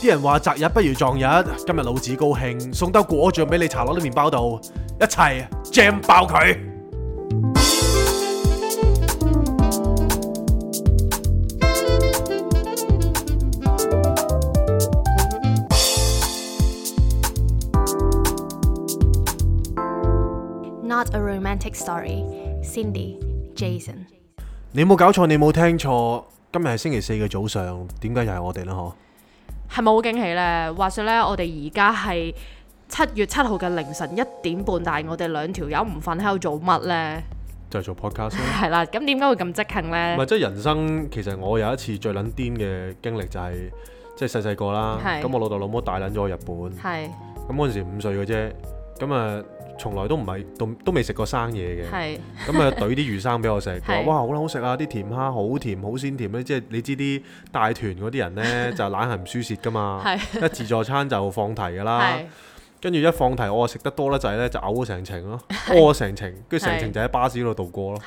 啲人話擇日不如撞日，今日老子高興，送兜果醬俾你搽落啲麵包度，一齊 jam 爆佢。Not a romantic story，Cindy，Jason。你冇搞錯，你冇聽錯，今日係星期四嘅早上，點解又係我哋呢？嗬？係咪好驚喜咧？話說咧，我哋而家係七月七號嘅凌晨一點半，但係我哋兩條友唔瞓喺度做乜咧？就係做 podcast 咯。係啦， 咁點解會咁即興咧？唔係即係人生，其實我有一次最撚癲嘅經歷就係、是、即係細細個啦。咁的我老豆老母帶撚咗我去日本。係的。咁嗰陣時五歲嘅啫。咁啊。從來都唔係，都都未食過生嘢嘅。咁啊，懟啲魚生俾我食，話，哇好啦，好食啊！啲甜蝦好甜，好鮮甜咧。即係你知啲大團嗰啲人呢，是就懶係唔輸蝕噶嘛。是一自助餐就放題噶啦，跟住是一放題我啊食得多得滯呢，就嘔成程咯，屙成程，跟住成程就喺巴士嗰度度過咯。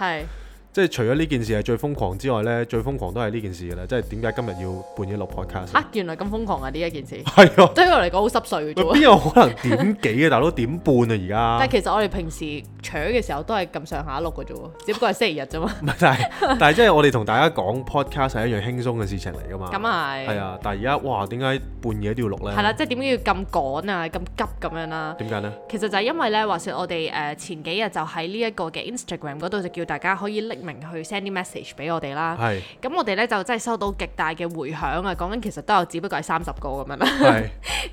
即係除咗呢件事係最瘋狂之外咧，最瘋狂都係呢件事㗎啦！即係點解今日要半夜錄 podcast？嚇！原來咁瘋狂啊！呢一件事係啊， 對我嚟講好濕碎㗎喎邊 有可能點幾啊？ 大佬點半啊！而家但係其實我哋平時搶嘅時候都係咁上下錄㗎啫喎，只不過係星期日啫嘛。唔係是，但係但係即係我哋同大家講 podcast 係一樣輕鬆嘅事情嚟㗎嘛。咁係係啊！但係而家哇，點解半夜都要錄咧？係啦、啊，即係點解要咁趕啊、咁急咁、啊、樣啦？點解咧？其實就係因為咧，話說我哋誒前幾日就喺呢一個嘅 Instagram 度就叫大家可以明去 send 啲 message 俾我哋啦，咁我哋咧就真係收到極大嘅回響啊！講緊其實都有，只不過係三十個咁樣啦。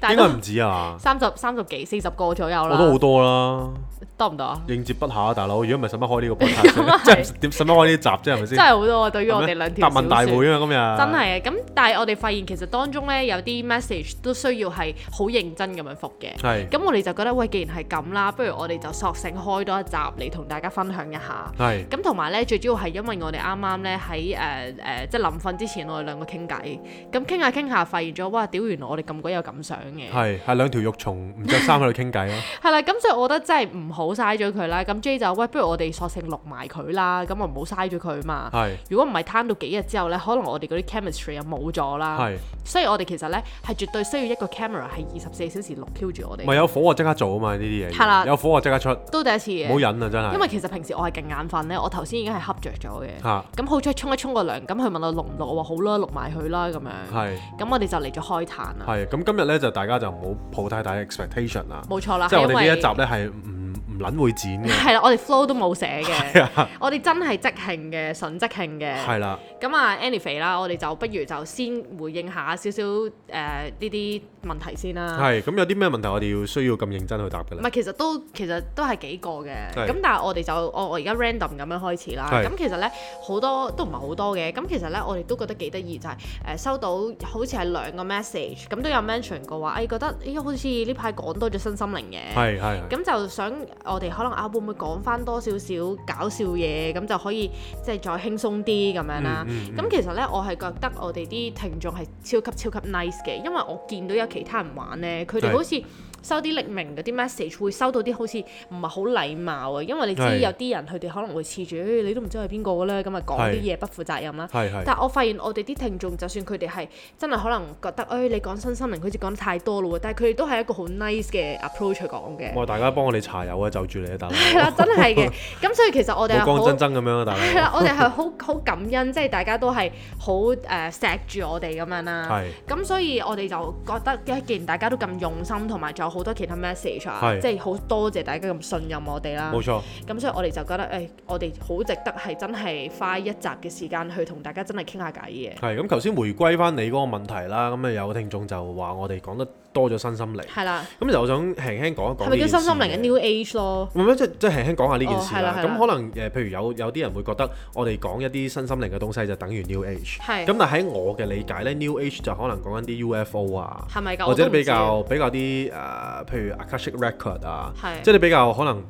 係，應該唔止啊？三十三十幾四十個左右啦，我都好多啦，多唔多啊？應接不暇啊，大佬！如果唔係，使乜開呢個播客？即係點？使乜開呢一集啫？係咪先？真係好多啊！對於我哋兩條答問大會啊，今日真係啊！咁但係我哋發現其實當中咧有啲 message 都需要係好認真咁樣復嘅。係。咁我哋就覺得喂，既然係咁啦，不如我哋就索性開多一集嚟同大家分享一下。係。咁同埋咧最。主要係因為我哋啱啱咧喺誒誒，即係臨瞓之前，我哋兩個傾偈，咁傾下傾下，發現咗哇！屌，原來我哋咁鬼有感想嘅，係係兩條肉蟲唔着衫喺度傾偈咯。係啦、啊，咁 所以我覺得真係唔好嘥咗佢啦。咁 J 就喂，不如我哋索性錄埋佢啦，咁我唔好嘥咗佢嘛。是如果唔係攤到幾日之後咧，可能我哋嗰啲 chemistry 又冇咗啦。是所以我哋其實咧係絕對需要一個 camera 係二十四小時錄 Q 住我哋。唔係有火我即刻做啊嘛呢啲嘢。係啦。有火我即刻，的刻出。都第一次嘅。冇忍啊！真係。因為其實平時我係勁眼瞓咧，我頭先已經係。恰著咗嘅，咁、啊嗯、好彩沖一沖個涼，咁佢問我錄唔錄，我話好啦，錄埋佢啦咁樣，咁是我哋就嚟咗開壇啦。係，咁今日咧就大家就唔好抱太大嘅 expectation 啦，冇錯啦，即係我哋呢一集咧係唔為撚會剪嘅係啦，我哋 flow 都冇寫嘅，是的 我哋真係即興嘅，純即興嘅係啦。咁啊，annie 肥啦，anyway, 我哋就不如就先回應下少少誒呢啲問題先啦。係咁，有啲咩問題我哋要需要咁認真去答嘅咧？唔係，其實都其實都係幾個嘅。咁是的 但係我哋就我我而家 random 咁樣開始啦。咁是的 其實咧好多都唔係好多嘅。咁其實咧我哋都覺得幾得意，就係、是、誒收到好似係兩個 message，咁都有 mention 過話誒、哎、覺得咦、哎、好似呢排講多咗身心靈嘅係係咁就想。我哋可能啊，會唔會講翻多少少搞笑嘢咁就可以即係再輕鬆啲咁樣啦？咁、嗯嗯嗯、其實呢，我係覺得我哋啲聽眾係超級超級 nice 嘅，因為我見到有其他人玩呢，佢哋好似，收啲匿名嗰啲 message 會收到啲好似唔係好禮貌啊，因為你知有啲人佢哋可能會恃住，你都唔知係邊個㗎啦，咁咪講啲嘢不負責任啦。係係，但我發現我哋啲聽眾就算佢哋係真係可能覺得，誒你講身心靈好似講得太多咯，但係佢哋都係一個好 nice 嘅 approach 講嘅。我哋大家幫我哋查友啊，就住你啊，大佬。係啦，真係嘅。咁所以其實我哋好。好真真咁樣啊，大佬。係啦，我哋係好好感恩，即係大家都係好誒錫住我哋咁樣啦。係。咁所以我哋就覺得，既然大家都咁用心，同埋好多其他 message 啊，是即係好多謝大家咁信任我哋啦。冇錯錯，咁所以我哋就覺得，誒、哎，我哋好值得，係真係花一集嘅時間去同大家真係傾下偈嘅。係，咁頭先回歸翻你嗰個問題啦，咁啊有聽眾就話我哋講得。多咗新心靈，係啦的。咁其實我想輕輕講一講。佢咪叫新心靈嘅 New Age 咯？咁樣即即輕輕講下呢件事啦。咁、哦、可能誒、呃，譬如有有啲人會覺得我哋講一啲新心靈嘅東西就等於 New Age 的。係。咁但喺我嘅理解咧，New Age 就可能講緊啲 UFO 啊，係咪？或者比較比較啲誒、呃，譬如 Akashic Record 啊，係的。即係比較可能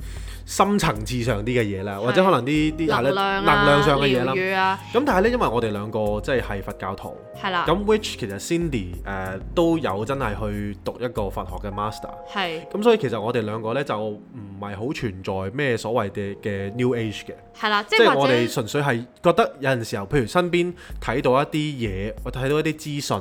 深層次上啲嘅嘢啦，的或者可能啲啲能量、啊、能量上嘅嘢啦。咁、啊、但係呢，因為我哋兩個即係係佛教徒，係啦的。咁 which 其實 Cindy 誒、呃、都有真係去讀一個佛學嘅 master，係的。咁所以其實我哋兩個呢，就唔係好存在咩所謂嘅嘅 New Age 嘅，即係的，我哋純粹係覺得有陣時候，譬如身邊睇到一啲嘢，我睇到一啲資訊，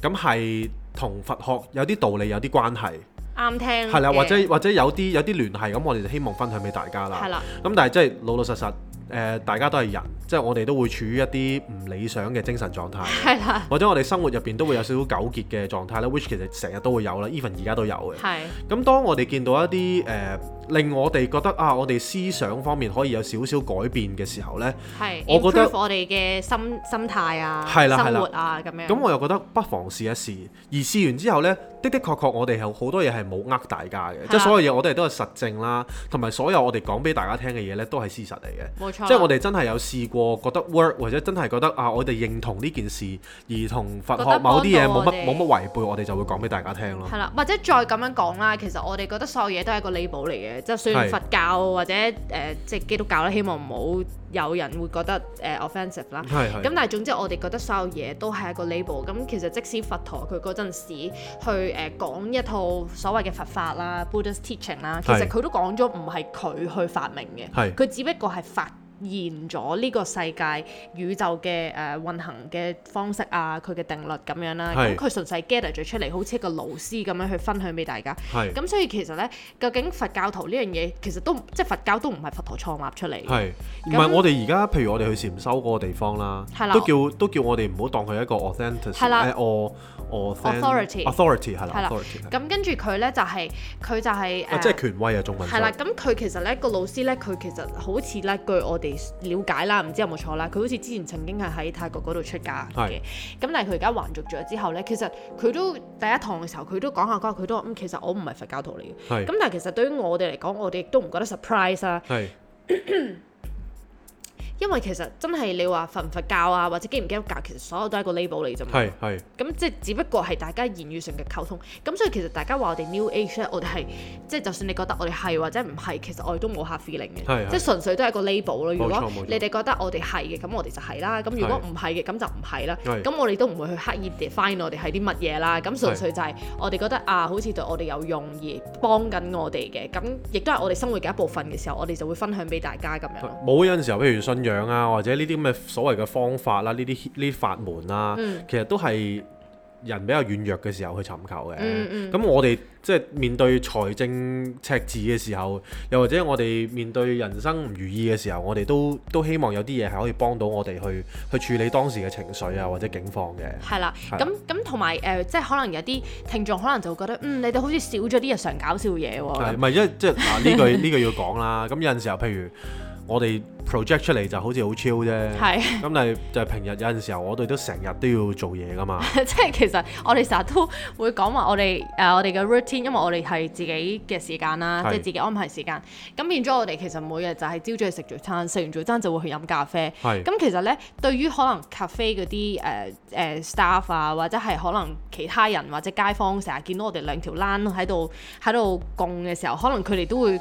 咁係同佛學有啲道理有啲關係。啱聽，係啦，或者或者有啲有啲聯繫咁，我哋就希望分享俾大家啦。係啦。咁是的 但係即係老老實實誒、呃，大家都係人，即係我哋都會處於一啲唔理想嘅精神狀態，是的 或者我哋生活入邊都會有少少糾結嘅狀態咧 ，which 其實成日都會有啦，even 而家都有嘅。係。咁是的 當我哋見到一啲誒。呃令我哋覺得啊，我哋思想方面可以有少少改變嘅時候呢，係，我覺得我哋嘅心心態啊，係啦係啦，生活啊咁樣，咁我又覺得不妨試一試。而試完之後呢，的的確確我哋有好多嘢係冇呃大家嘅，啊、即係所有嘢我哋都係實證啦，同埋所有我哋講俾大家聽嘅嘢呢都係事實嚟嘅，冇錯。即係我哋真係有試過覺得 work，或者真係覺得啊，我哋認同呢件事而同佛學某啲嘢冇乜冇乜違背，我哋就會講俾大家聽咯。係啦、啊，或者再咁樣講啦，其實我哋覺得所有嘢都係個彌補嚟嘅。即係算佛教或者誒、呃、即係基督教啦，希望唔好有人會覺得誒、呃、offensive 啦。咁但係總之我哋覺得所有嘢都係一個 label、嗯。咁其實即使佛陀佢陣時去誒講、呃、一套所謂嘅佛法啦，Buddhist teaching 啦，其實佢都講咗唔係佢去發明嘅，佢是是 只不過係發。言咗呢個世界宇宙嘅誒、呃、運行嘅方式啊，佢嘅定律咁樣啦、啊，咁佢是純粹 gather 咗出嚟，好似一個老師咁樣去分享俾大家。係是。咁所以其實呢，究竟佛教徒呢樣嘢，其實都即係佛教都唔係佛陀創立出嚟。係是。唔係那我哋而家，譬如我哋去禪修嗰個地方啦，的都叫都叫我哋唔好當佢一個 authentic、um。係啦。Authority，Authority 係啦，咁跟住佢咧就係佢就係誒，即係權威啊中文。係啦，咁佢其實咧個老師咧，佢其實好似咧據我哋了解啦，唔知有冇錯啦，佢好似之前曾經係喺泰國嗰度出家嘅，咁但係佢而家還俗咗之後咧，其實佢都第一堂嘅時候，佢都講下講下，佢都話咁其實我唔係佛教徒嚟嘅，咁但係其實對於我哋嚟講，我哋亦都唔覺得 surprise 啦。因為其實真係你話佛唔佛教啊，或者基唔基督教，其實所有都係一個 label 嚟啫嘛。咁即係只不過係大家言語上嘅溝通。咁所以其實大家話我哋 new age 我哋係即係就算你覺得我哋係或者唔係，其實我哋都冇 hard feeling 嘅。是即係純粹都係個 label 咯。錯如果你哋覺得我哋係嘅，咁我哋就係、是、啦。咁如果唔係嘅，咁就唔係啦。係是。咁我哋都唔會去刻意 define 我哋係啲乜嘢啦。係。咁純粹就係我哋覺得是啊，好似對我哋有用而幫緊我哋嘅，咁亦都係我哋生活嘅一部分嘅時候，我哋就會分享俾大家咁樣。冇有陣時候，譬如信仰啊，或者呢啲咁嘅所謂嘅方法啦，呢啲呢啲法門啦，嗯、其實都係人比較軟弱嘅時候去尋求嘅。咁、嗯嗯、我哋即係面對財政赤字嘅時候，又或者我哋面對人生唔如意嘅時候，我哋都都希望有啲嘢係可以幫到我哋去去處理當時嘅情緒啊，或者境況嘅。係啦，咁咁同埋誒，即係可能有啲聽眾可能就會覺得，嗯，你哋好似少咗啲日常搞笑嘢喎。係咪？即係即係呢句呢句要講啦。咁有陣時候，譬如。我哋 project 出嚟就好似好 chill 啫，係咁但係就係平日有陣時候，我哋都成日都要做嘢噶嘛。即係 其實我哋成日都會講話我哋誒、呃、我哋嘅 routine，因為我哋係自己嘅時間啦，即係是自己安排時間。咁變咗我哋其實每日就係朝早去食早餐，食完早餐就會去飲咖啡。咁是其實咧，對於可能咖啡嗰啲誒誒 staff 啊，或者係可能其他人或者街坊成日見到我哋兩條欄喺度喺度供嘅時候，可能佢哋都會。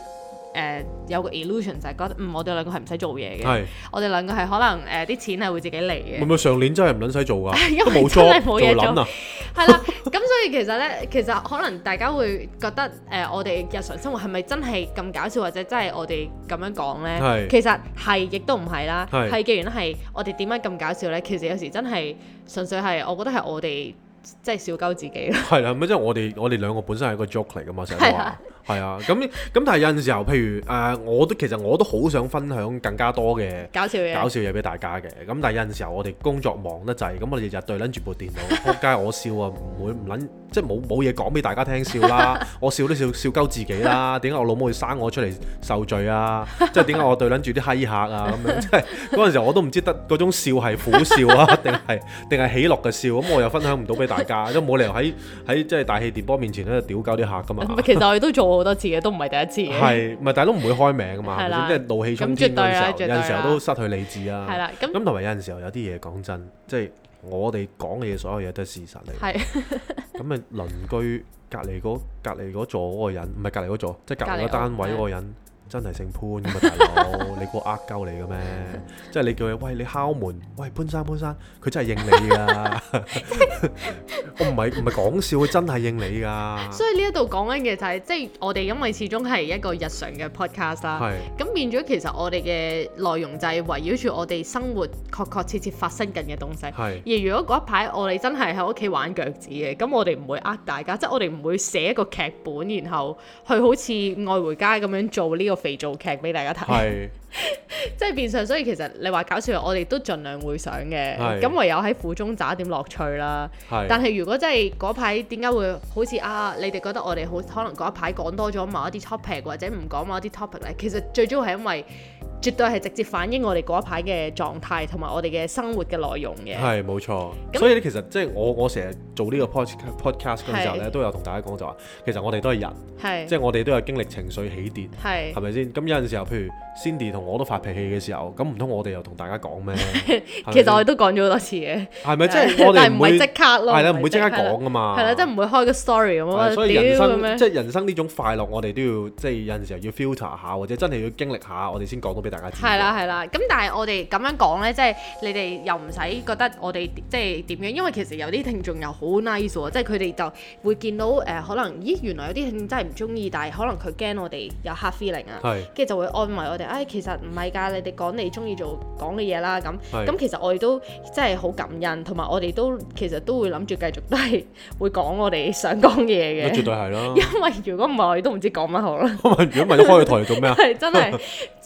誒、呃、有個 illusion 就係、是、覺得嗯，我哋兩個係唔使做嘢嘅，是我哋兩個係可能誒啲、呃、錢係會自己嚟嘅。會唔會上年真係唔撚使做㗎，因為 都冇錯冇嘢做。係啦，咁 所以其實咧，其實可能大家會覺得誒、呃，我哋日常生活係咪真係咁搞笑，或者真係我哋咁樣講咧？是其實係亦都唔係啦，係既然係我哋點解咁搞笑咧？其實有時真係純粹係我覺得係我哋即係笑鳩自己咯。係啦，唔即係我哋我哋兩個本身係個 joke 嚟㗎嘛，成日話的係啊，咁咁但係有陣時候，譬如誒、呃，我都其實我都好想分享更加多嘅搞笑嘢，搞笑嘢俾大家嘅。咁 但係有陣時候，我哋工作忙得滯，咁我日日對撚住部電腦，撲街 我笑啊，唔會唔撚。即係冇冇嘢講俾大家聽笑啦，我笑都笑笑鳩自己啦。點解我老母會生我出嚟受罪啊？即係點解我對撚住啲閪客啊咁樣？即係嗰陣時候我都唔知得嗰種笑係苦笑啊，定係定係喜樂嘅笑。咁我又分享唔到俾大家，都冇理由喺喺即係大氣電波面前度屌鳩啲客噶嘛。其實我亦都做好多次嘅，都唔係第一次。係，唔係大佬唔會開名啊嘛，即係啦怒氣沖天嗰時候，有陣時候都失去理智啊。咁同埋有陣時候有啲嘢講真，即係。我哋講嘅嘢，所有嘢都係事實嚟。係是，咁 咪鄰居隔離嗰隔離嗰座嗰個人，唔係隔離嗰座，即係隔離嗰單位嗰個人。真係姓潘咁啊，大佬！你估呃鳩你嘅咩？即係你叫佢喂，你敲門喂，潘生潘生，佢真係應你噶。我唔係唔係講笑，佢真係應你噶。所以呢一度講緊嘅就係，即係我哋因為始終係一個日常嘅 podcast 啦，咁變咗其實我哋嘅內容就係圍繞住我哋生活確確切切發生緊嘅東西。係。而如果嗰一排我哋真係喺屋企玩腳趾嘅，咁我哋唔會呃大家，即係我哋唔會寫一個劇本，然後去好似愛回家咁樣做呢個。肥皂劇俾大家睇是， 即係變相。所以其實你話搞笑，我哋都盡量會想嘅。咁是唯有喺苦中找點樂趣啦。是但係如果真係嗰排，點解會好似啊？你哋覺得我哋好可能嗰一排講多咗某一啲 topic，或者唔講某一啲 topic 呢？其實最主要係因為。絕對係直接反映我哋嗰一排嘅狀態，同埋我哋嘅生活嘅內容嘅。係冇錯。所以咧，其實即係我我成日做呢個 podcast 嘅時候咧，都有同大家講就話，其實我哋都係人，係即係我哋都有經歷情緒起跌，係係咪先？咁有陣時候，譬如 Cindy 同我都發脾氣嘅時候，咁唔通我哋又同大家講咩？其實我哋都講咗好多次嘅。係咪即係？我哋唔會即刻咯。係啦，唔會即刻講噶嘛。係啦，即係唔會開個 story 咁咯。所以人生即係人生呢種快樂，我哋都要即係有陣時候要 filter 下，或者真係要經歷下，我哋先講到係啦，係啦，咁但係我哋咁樣講咧，即係你哋又唔使覺得我哋即係點樣，因為其實有啲聽眾又好 nice 喎，即係佢哋就會見到誒、呃，可能咦，原來有啲聽眾真係唔中意，但係可能佢驚我哋有 hard feeling 啊，跟住是的 就會安慰我哋，誒、哎，其實唔係噶，你哋講你中意做講嘅嘢啦，咁，咁是的 其實我哋都真係好感恩，同埋我哋都其實都會諗住繼續都係會講我哋想講嘅嘢嘅，絕對係咯，因為 如果唔係，都唔知講乜好啦。我問如果唔係開個台嚟做咩啊？係真係。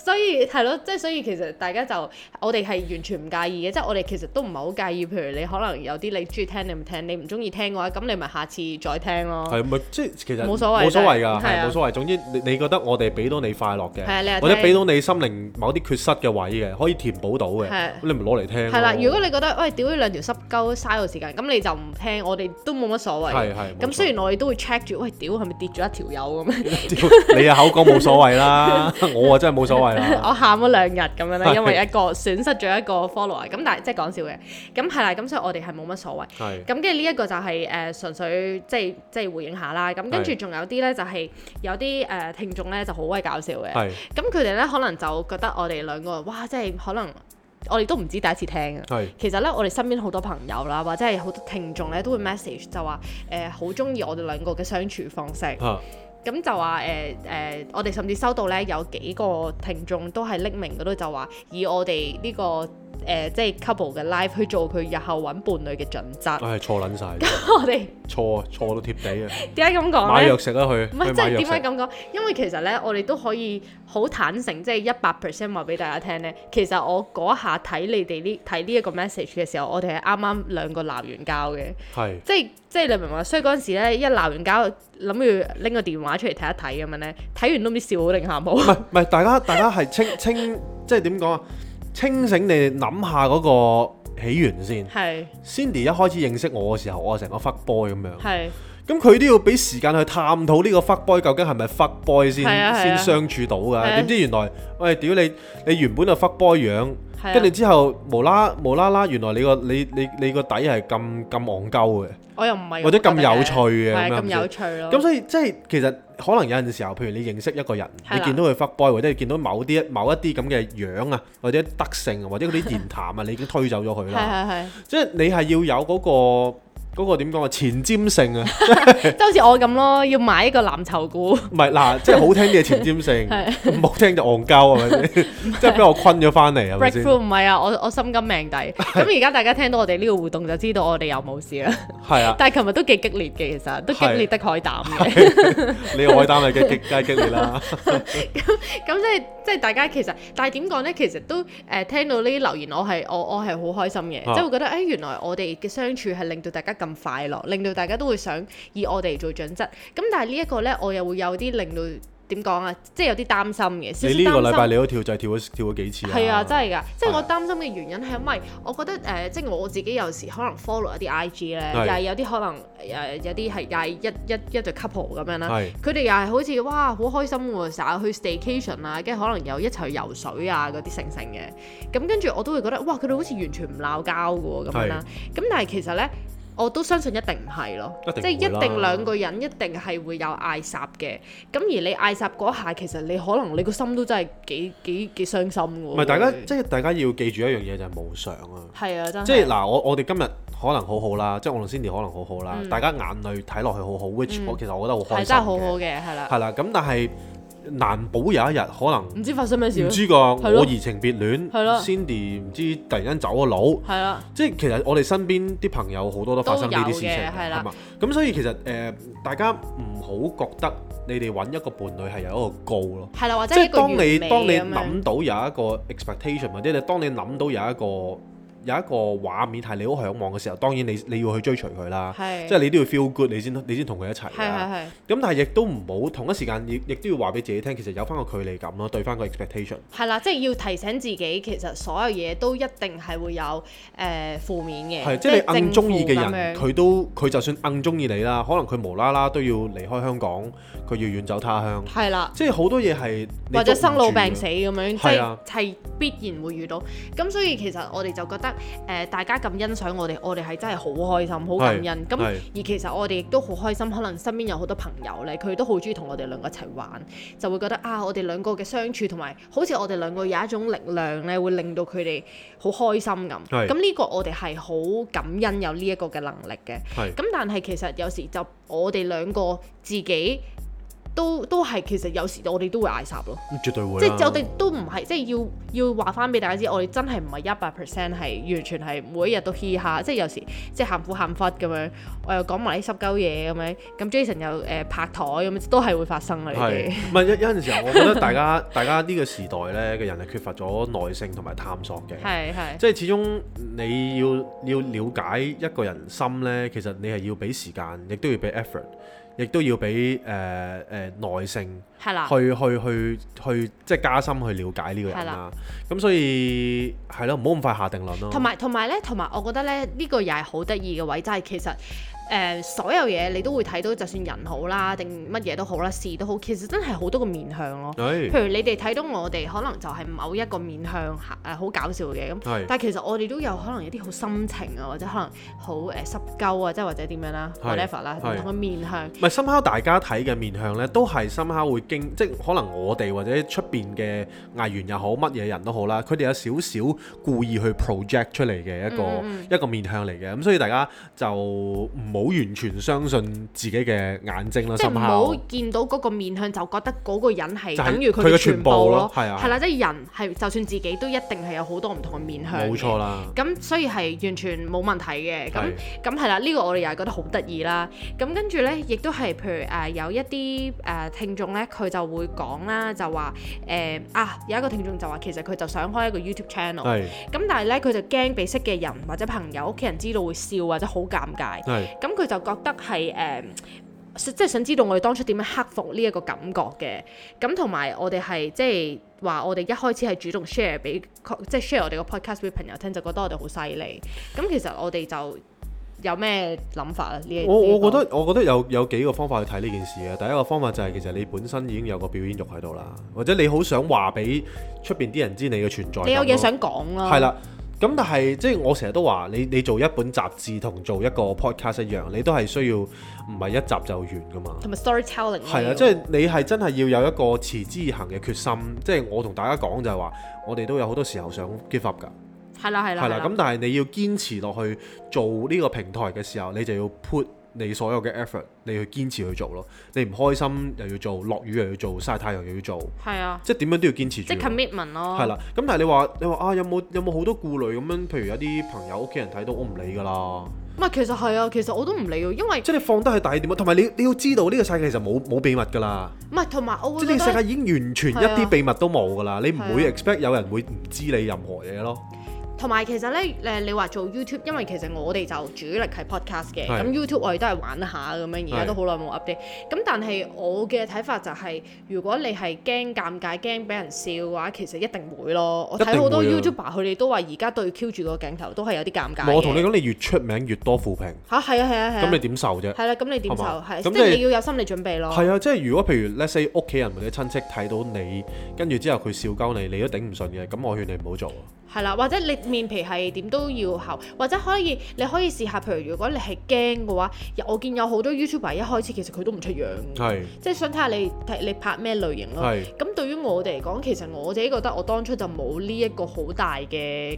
所以係咯，即係所以其實大家就我哋係完全唔介意嘅，即係我哋其實都唔係好介意。譬如你可能有啲你中意聽你唔聽，你唔中意聽嘅話，咁你咪下次再聽咯。係咪？即係其實冇所謂，冇所謂㗎，係冇所謂。總之你你覺得我哋俾到你快樂嘅，或者俾到你心靈某啲缺失嘅位嘅，可以填補到嘅，咁你咪攞嚟聽。係啦，如果你覺得喂屌呢兩條濕鳩嘥到時間，咁你就唔聽，我哋都冇乜所謂。係係。咁雖然我哋都會 check 住，喂屌係咪跌咗一條友咁啊？你啊口講冇所謂啦，我啊真係冇所謂。 我喊咗兩日咁樣咧，因為一個損失咗一個 follower，咁 但係即係講笑嘅，咁係啦，咁所以我哋係冇乜所謂。係是，咁跟住呢一個就係、是、誒、呃、純粹即係即係回應下啦。咁跟住仲有啲咧就係、是、是有啲誒、呃、聽眾咧就好鬼搞笑嘅。係是，咁佢哋咧可能就覺得我哋兩個哇，即係可能我哋都唔知第一次聽啊。是其實咧我哋身邊好多朋友啦，或者係好多聽眾咧都會 message 就話誒好中意我哋兩個嘅相處方式。 咁就話誒誒，我哋甚至收到咧有幾個聽眾都係匿名嗰度，就話以我哋呢個，誒、呃，即係 couple 嘅 life 去做佢日後搵伴侶嘅準則，係、哎、錯撚晒，咁我哋錯，錯到貼地啊！點解咁講咧？買藥食啦，佢唔係即係點解咁講？因為其實咧，我哋都可以好坦誠，即係一百 percent 話俾大家聽咧。其實我嗰下睇你哋呢睇呢一個 message 嘅時候，我哋係啱啱兩個鬧完交嘅，係是即係即係你明唔明？所以嗰陣時咧，一鬧完交，諗住拎個電話出嚟睇一睇咁樣咧，睇完都唔知笑好定喊好。唔係唔係，大家大家係清清，即係點講啊？ 清醒，你諗下嗰個起源先。係是。Cindy 一開始認識我嘅時候，我係成個 fuck boy 咁樣。係是。咁佢都要俾時間去探討呢個 fuck boy 究竟係咪 fuck boy 先、啊啊、先相處到㗎？點知、啊、原來，喂，屌你，你原本係 fuck boy 樣。跟住之後，無啦無啦啦，原來你個你你你個底係咁咁戇鳩嘅，我又唔係，或者咁有趣嘅，咁是麼有趣咯。咁所以即係其實可能有陣時候，譬如你認識一個人，的你見到佢 fuck boy，或者你見到某啲某一啲咁嘅樣啊，或者德性啊，或者嗰啲言談啊， 你已經推走咗佢啦。即係 的你係要有嗰、嗰個。嗰個點講啊，前瞻性啊，即好似我咁咯，要買一個藍籌股。唔係嗱，即係好聽嘅前瞻性，唔、 啊、好聽就戇鳩係咪？ 啊、 即係俾我昆咗翻嚟啊！Breakthrough 唔係啊，我我心甘命抵。咁而家大家聽到我哋呢個互動，就知道我哋又冇事啦。係 啊，但係琴日都幾激烈嘅，其實都激烈得海膽、 啊、你個海膽係幾激？梗係激烈啦！咁 咁 即係。即係大家其實，但係點講咧？其實都誒、呃、聽到呢啲留言，我係我我係好開心嘅，啊、即係會覺得誒、欸、原來我哋嘅相處係令到大家咁快樂，令到大家都會想以我哋做準則。咁但係呢一個咧，我又會有啲令到。點講啊，即係有啲擔心嘅。心你呢個禮拜你都條仔跳咗、就係、跳咗幾次啊？係啊，真係㗎、啊。啊、即係我擔心嘅原因係因為我覺得誒、呃，即係我自己有時可能 follow 一啲 IG 咧是、呃，又係有啲可能誒，有啲係又係一一一對 couple 咁樣啦、啊。佢哋是又係好似哇好開心喎，成日去 staycation 啊，跟住可能又一齊去游水啊嗰啲成成嘅。咁跟住我都會覺得哇，佢哋好似完全唔鬧交嘅喎咁樣啦、啊。咁是但係其實咧。我都相信一定唔係咯，即係一定兩個人一定係會有嗌霎嘅。咁而你嗌霎嗰下，其實你可能你個心都真係幾幾幾傷心嘅。唔係大家對即係大家要記住一樣嘢就係無常啊。係啊，即係嗱，我我哋今日可能好好啦，即係我同 Cindy 可能好好啦。嗯、大家眼淚睇落去好好，嗯，which 我其實我覺得好開心嘅，係真係好好嘅，係啦，係啦，咁但係。難保有一日可能唔知發生咩事，唔知㗎，我移情別戀對了，Cindy 唔知突然間走咗佬，係啦，即係其實我哋身邊啲朋友好多都發生呢啲事情，係啦，咁所以其實誒、呃、大家唔好覺得你哋揾一個伴侶係有一個高咯，係啦，或者即係當你當你諗到有一個 expectation，或者你當你諗到有一個。有一個畫面係你好向往嘅時候，當然你你要去追隨佢啦，是即係你都要 feel good，你先你先同佢一齊啦。咁但係亦都唔好同一時間，亦都要話俾自己聽，其實有翻個距離感咯，對翻個 expectation。係啦，即係要提醒自己，其實所有嘢都一定係會有誒、呃、負面嘅。係，即係你硬中意嘅人，佢都佢就算硬中意你啦，可能佢無啦啦都要離開香港，佢要遠走他鄉。係啦的，即係好多嘢係或者生老病死咁樣，係係必然會遇到。咁的所以其實我哋就覺得。呃，大家咁欣賞我哋，我哋係真係好開心，好感恩。咁而其實我哋亦都好開心，可能身邊有好多朋友咧，佢都好中意同我哋兩個一齊玩，就會覺得啊，我哋兩個嘅相處同埋，好似我哋兩個有一種力量咧，會令到佢哋好開心咁。咁呢是個我哋係好感恩有呢一個嘅能力嘅。咁是但係其實有時就我哋兩個自己。都都係，其實有時我哋都會捱插咯。絕對會即。即係我哋都唔係，即係要要話翻俾大家知，我哋真係唔係一百 percent 係完全係每一日都 hea 下，即係有時即係喊苦喊忽咁樣，我又講埋啲濕鳩嘢咁樣，咁 Jason 又誒、呃、拍台咁，都係會發生嘅。係。唔係有陣時候，我覺得大家 大家呢個時代咧嘅人係缺乏咗耐性同埋探索嘅。係係。即係始終你要、嗯、要了解一個人心咧，其實你係要俾時間，亦都要俾 effort。亦都要俾誒誒耐性，係啦是的，去去去去即係加深去了解呢個人啦、啊。咁是的 所以係咯，唔好咁快下定論咯、啊。同埋同埋咧，同埋我覺得咧，呢、這個又係好得意嘅位，就係、是、其實。誒、uh, 所有嘢你都會睇到，就算人好啦，定乜嘢都好啦，事都好，其實真係好多個面向咯。Hey. 譬如你哋睇到我哋可能就係某一個面向嚇好、啊、搞笑嘅咁。Hey. 但係其實我哋都有可能有啲好心情啊，或者可能好誒濕鳩啊，即、呃、係或者點樣啦 Hey.，whatever 啦，個面向。唔係深刻，大家睇嘅面向呢，都係深刻會驚，即係可能我哋或者出面嘅藝員又好，乜嘢人都好啦，佢哋有少少故意去 project 出嚟嘅一個、mm hmm. 一個面向嚟嘅。咁、嗯嗯、所以大家就唔好冇完全相信自己嘅眼睛啦，即係冇見到嗰個面向就覺得嗰個人係，就係佢嘅全部咯，係啊，係啦，即係人係，就算自己都一定係有好多唔同嘅面向，冇錯啦。咁所以係完全冇問題嘅。咁咁係啦，呢個我哋又係覺得好得意啦。咁跟住咧，亦都係譬如誒有一啲誒聽眾咧，佢就會講啦，就話誒啊有一個聽眾就話其實佢就想開一個 YouTube channel，咁但係咧佢就驚俾識嘅人或者朋友、屋企人知道會笑或者好尷尬。咁佢、嗯、就覺得係誒、嗯，即係想知道我哋當初點樣克服呢一個感覺嘅。咁同埋我哋係即係話，我哋一開始係主動 share 俾，即係 share 我哋個 podcast 俾朋友聽，就覺得我哋好犀利。咁、嗯、其實我哋就有咩諗法啊？呢、這個、我我覺得我覺得有有幾個方法去睇呢件事嘅。第一個方法就係其實你本身已經有個表演欲喺度啦，或者你好想話俾出邊啲人知你嘅存在。你有嘢想講啊？係啦。咁但係即係我成日都話你你做一本雜誌同做一個 podcast 一樣，你都係需要唔係一集就完噶嘛。同埋 storytelling。係啊，即係你係真係要有一個持之以恆嘅決心。即係我同大家講就係話，我哋都有好多時候想 give up 㗎。係啦，係啦。係啦，咁但係你要堅持落去做呢個平台嘅時候，你就要 put。你所有嘅 effort，你去堅持去做咯。你唔開心又要做，落雨又要做，曬太陽又要做。係啊，即係點樣都要堅持做。即 commitment 咯。係啦、啊，咁但係你話你話啊，有冇有冇好多顧慮咁樣？譬如有啲朋友屋企人睇到，我唔理㗎啦。唔係，其實係啊，其實我都唔理㗎，因為即係你放得係大點啊。同埋你你要知道呢個世界其實冇冇秘密㗎啦。唔係，同埋我會即係呢個世界已經完全一啲秘密都冇㗎啦。啊、你唔會 expect 有人會唔知你任何嘢咯。同埋其實咧，誒你話做 YouTube，因為其實我哋就主力係 podcast 嘅，咁的 YouTube 我哋都係玩下咁樣，而家都好耐冇 update。咁的但係我嘅睇法就係、是，如果你係驚尷尬、驚俾人笑嘅話，其實一定會咯。我睇好多 YouTuber 佢哋都話，而家對 Q 住個鏡頭都係有啲尷尬。我同你講，你越出名越多負評。吓、啊，係啊係啊係。咁你點受啫？係啦，咁你點受？係的你，即係你要有心理準備咯。係啊，即係如果譬如，let’s say 屋企人或者親戚睇到你，跟住之後佢笑鳩你，你都頂唔順嘅。咁我勸你唔好做。係啦，或者你面皮係點都要厚，或者可以你可以試下。譬如如果你係驚嘅話，我見有好多 YouTuber 一開始其實佢都唔出樣，是即係想睇下你睇你拍咩類型咯。咁是對於我哋嚟講，其實我自己覺得我當初就冇呢一個好大嘅。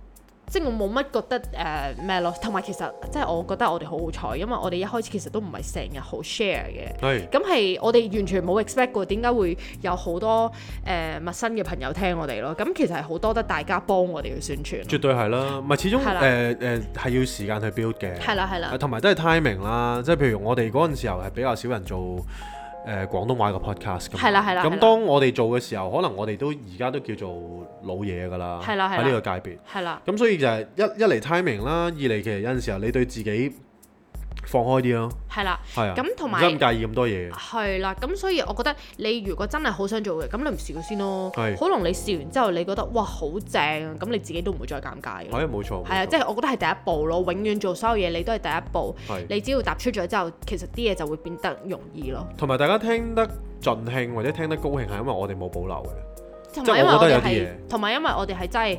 即係我冇乜覺得誒咩咯，同埋其實即係我覺得我哋好好彩，因為我哋一開始其實都唔係成日好 share 嘅，咁係是我哋完全冇 expect 過，點解會有好多誒陌生嘅朋友聽我哋咯？咁其實係好多得大家幫我哋去宣傳，絕對係啦，咪始終誒誒係要時間去 build 嘅，係啦係啦，同埋都係 timing 啦，即係譬如我哋嗰陣時候係比較少人做。誒、呃、廣東話嘅 podcast 咁，咁當我哋做嘅時候，的可能我哋都而家都叫做老嘢㗎啦，喺呢個界別。係啦，咁所以就係一一嚟 timing 啦，二嚟其實有陣時候你對自己，放開啲咯，係啦，係啊、嗯，咁同埋唔介意咁多嘢，係啦，咁所以我覺得你如果真係好想做嘅，咁你唔試先咯，係是，可能你試完之後你覺得哇好正，啊！」咁你自己都唔會再尷尬嘅，係、哎、啊，冇錯，係啊，即係我覺得係第一步咯，永遠做所有嘢你都係第一步，是你只要踏出咗之後，其實啲嘢就會變得容易咯。同埋大家聽得盡興或者聽得高興，係因為我哋冇保留嘅，即係我覺得有啲嘢，同埋因為我哋係真係。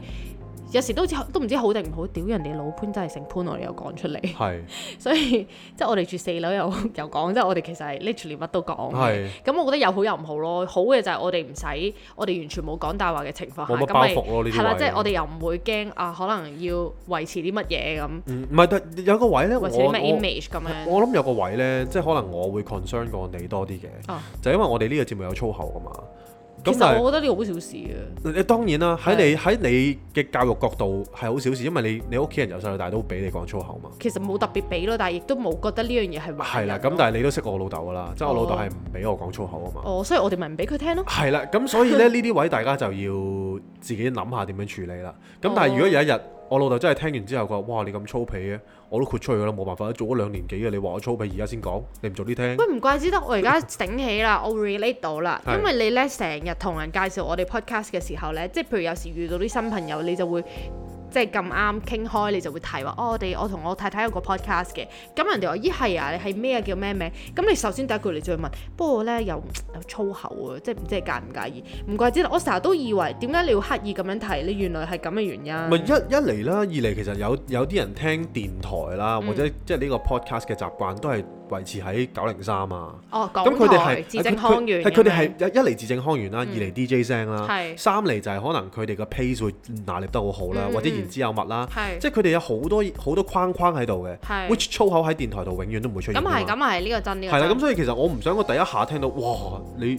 有時都，都知都唔知好定唔好，屌人哋老潘真係成潘我來，我哋又講出嚟，所以即係我哋住四樓又又講，即係我哋其實係 literally 乜都講嘅。咁係我覺得有好有唔好咯。好嘅就係我哋唔使，我哋完全冇講大話嘅情況下，咁咪冇乜包袱囉，呢啲係啦，即係我哋又唔會驚啊，可能要維持啲乜嘢咁。唔係，但、嗯、有個位咧，咩 image 咁樣，我我我諗有個位咧，即係可能我會 concern 過你多啲嘅，啊、就因為我哋呢個節目有粗口㗎嘛。但其實我覺得呢個好小事啊。你當然啦，喺你喺的你嘅教育角度係好小事，因為你你屋企人由細到大都俾你講粗口嘛。其實冇特別俾咯，但係亦都冇覺得呢樣嘢係。係啦，咁但係你都識我老豆噶啦，哦、即係我老豆係唔俾我講粗口啊嘛。哦，所以我哋咪唔俾佢聽咯。係啦，咁所以咧呢啲位大家就要自己諗下點樣處理啦。咁 但係如果有一日，我老豆真係聽完之後，佢話：哇，你咁粗鄙嘅，我都豁出去啦，冇辦法，做咗兩年幾嘅，你話我粗鄙，而家先講，你唔做啲聽。喂，唔怪之得， 我而家醒起啦，我會 relate 到啦，因為你咧成日同人介紹我哋 podcast 嘅時候咧，即係譬如有時遇到啲新朋友，你就會。即係咁啱傾開，你就會提話哦，我哋我同我太太有個 podcast 嘅，咁人哋話咦係啊，你係咩啊叫咩名？咁你首先第一句你就會問，不過咧有有，有粗口啊，即係唔知介唔介意？唔怪之我成日都以為點解你要刻意咁樣提咧，原來係咁嘅原因。咪一一嚟啦，二嚟其實有有啲人聽電台啦，嗯、或者即係呢個 podcast 嘅習慣都係維持喺九零三啊。哦，港台咁佢哋係佢佢佢哋係一嚟字正腔圓、啊嗯、啦，二嚟 DJ 聲啦，是三嚟就係可能佢哋個 pace 會拿捏得好好啦，嗯、或者、嗯。唔知有乜啦，是即係佢哋有好多好多框框喺度嘅，which 粗口喺電台度永遠都唔會出現。咁係，咁係呢個真，呢、呢個係啦。咁所以其實我唔想我第一下聽到哇，你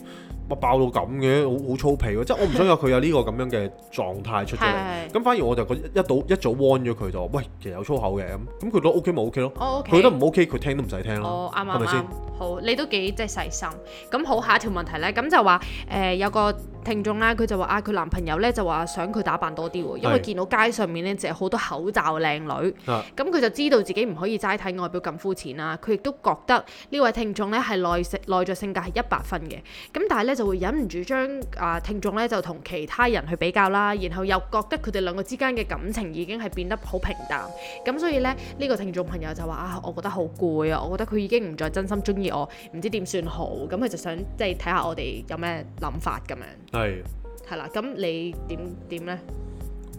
乜爆到咁嘅，好好粗鄙喎！即係我唔想有佢有呢個咁樣嘅狀態出咗嚟。咁 反而我就一早一早 warn 咗佢就話，喂，其實有粗口嘅咁，咁佢都 OK 冇 OK 咯。佢、oh, okay. 都唔 OK，佢聽都唔使聽咯啱？係咪先？Right, right. 好，你都幾即係細心。咁好，下一條問題咧，咁就話誒、呃、有個。聽眾咧，佢就話啊，佢男朋友咧就話想佢打扮多啲喎，因為見到街上面咧淨係好多口罩靚女，咁佢、啊、就知道自己唔可以齋睇外表咁膚淺啦。佢亦都覺得呢位聽眾咧係內性內在性格係一百分嘅，咁但係咧就會忍唔住將啊聽眾咧就同其他人去比較啦，然後又覺得佢哋兩個之間嘅感情已經係變得好平淡，咁所以咧呢、呢個聽眾朋友就話啊，我覺得好攰啊，我覺得佢已經唔再真心中意我，唔知點算好，咁佢就想即係睇下我哋有咩諗法咁樣。係，係啦，咁你點點呢？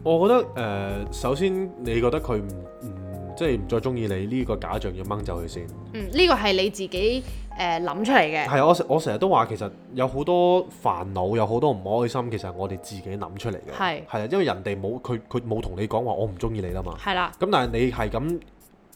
我覺得誒、呃，首先你覺得佢唔唔即係唔再中意你呢個假象要掹走佢先。嗯，呢、這個係你自己誒諗、呃、出嚟嘅。係，我我成日都話，其實有好多煩惱，有好多唔開心，其實係我哋自己諗出嚟嘅。係的，係啊，因為人哋冇佢佢冇同你講話，我唔中意你啦嘛。係啦的。咁但係你係咁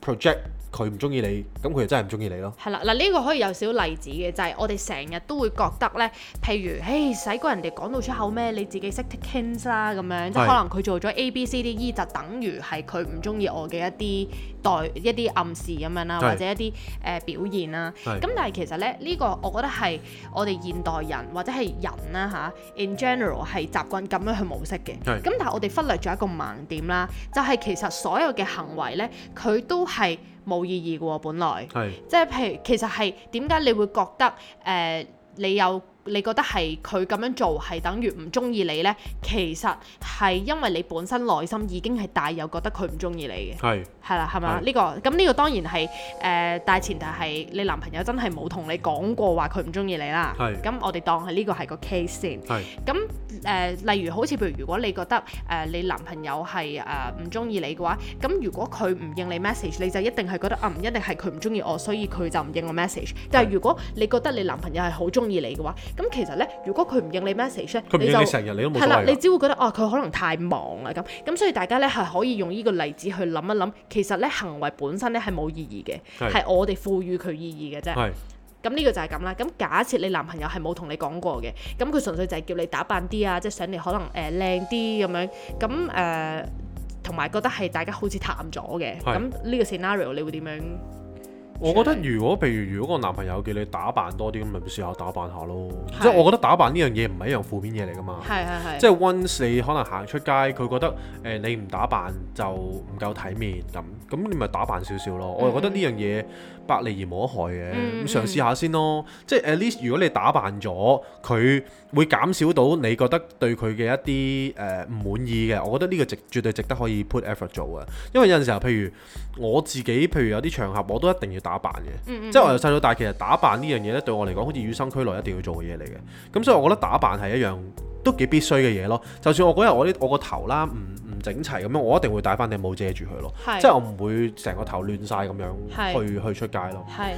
project 佢唔中意你，咁佢真係唔中意你咯。係啦，嗱、這、呢個可以有少少例子嘅，就係、是、我哋成日都會覺得咧，譬如，誒使鬼人哋講到出口咩，你自己識 take hints 啦咁樣即係可能佢做咗 A 是、A, B、C、D、E 就等於係佢唔中意我嘅一啲代一啲暗示咁樣啦，是或者一啲誒、呃、表現啦、啊。咁是但係其實咧，呢、這個我覺得係我哋現代人或者係人啦、啊、吓 in general 係習慣咁樣去模式嘅。咁是但係我哋忽略咗一個盲點啦，就係、是、其實所有嘅行為咧，佢都係冇意義嘅、哦、本來是即係譬如，其實係點解你會覺得誒、呃，你有？你覺得係佢咁樣做係等於唔中意你呢？其實係因為你本身內心已經係帶有覺得佢唔中意你嘅，係係啦，係嘛吧？呢是、呢個咁呢個當然係誒大前提係你男朋友真係冇同你講過話佢唔中意你啦。係咁是，我哋當係呢個係個 case 先。係咁誒，例如好似譬如，如果你覺得誒、呃、你男朋友係誒唔中意你嘅話，咁如果佢唔應你 message，你就一定係覺得啊，唔、呃、一定係佢唔中意我，所以佢就唔應我 message。但係是如果你覺得你男朋友係好中意你嘅話，咁其實咧，如果佢唔應你 message，你，你就係啦，你只會覺得哦，佢可能太忙啦咁。咁所以大家咧係可以用呢個例子去諗一諗，其實咧行為本身咧係冇意義嘅，係是我哋賦予佢意義嘅啫。咁呢是個就係咁啦。咁假設你男朋友係冇同你講過嘅，咁佢純粹就係叫你打扮啲啊，即係想你可能誒靚啲咁樣。咁誒同埋覺得係大家好似淡咗嘅。咁呢是個 scenario 你會點樣？我覺得如果譬如如果個男朋友叫你打扮多啲，咁咪試下打扮下咯。是即係我覺得打扮呢樣嘢唔係一樣負面嘢嚟㗎嘛。係係係，即係 once 你可能行出街，佢覺得誒、呃、你唔打扮就唔夠體面咁，咁你咪打扮少少，少咯。嗯、我又覺得呢樣嘢百利而無一害嘅，咁、嗯、嘗試下先咯。即係 at least 如果你打扮咗，佢會減少到你覺得對佢嘅一啲誒唔滿意嘅。我覺得呢個值絕對值得可以 put effort 做嘅，因為有陣時候譬如我自己，譬如有啲場合我都一定要。打扮嘅，嗯嗯，即係我由細到大，其實打扮呢樣嘢咧，對我嚟講好似與生俱來一定要做嘅嘢嚟嘅。咁所以我覺得打扮係一樣都幾必須嘅嘢咯。就算我嗰日我啲，我個頭啦，唔唔整齊咁樣，我一定會戴翻頂帽遮住佢咯。是即係我唔會成個頭亂晒咁樣去是去出街咯。係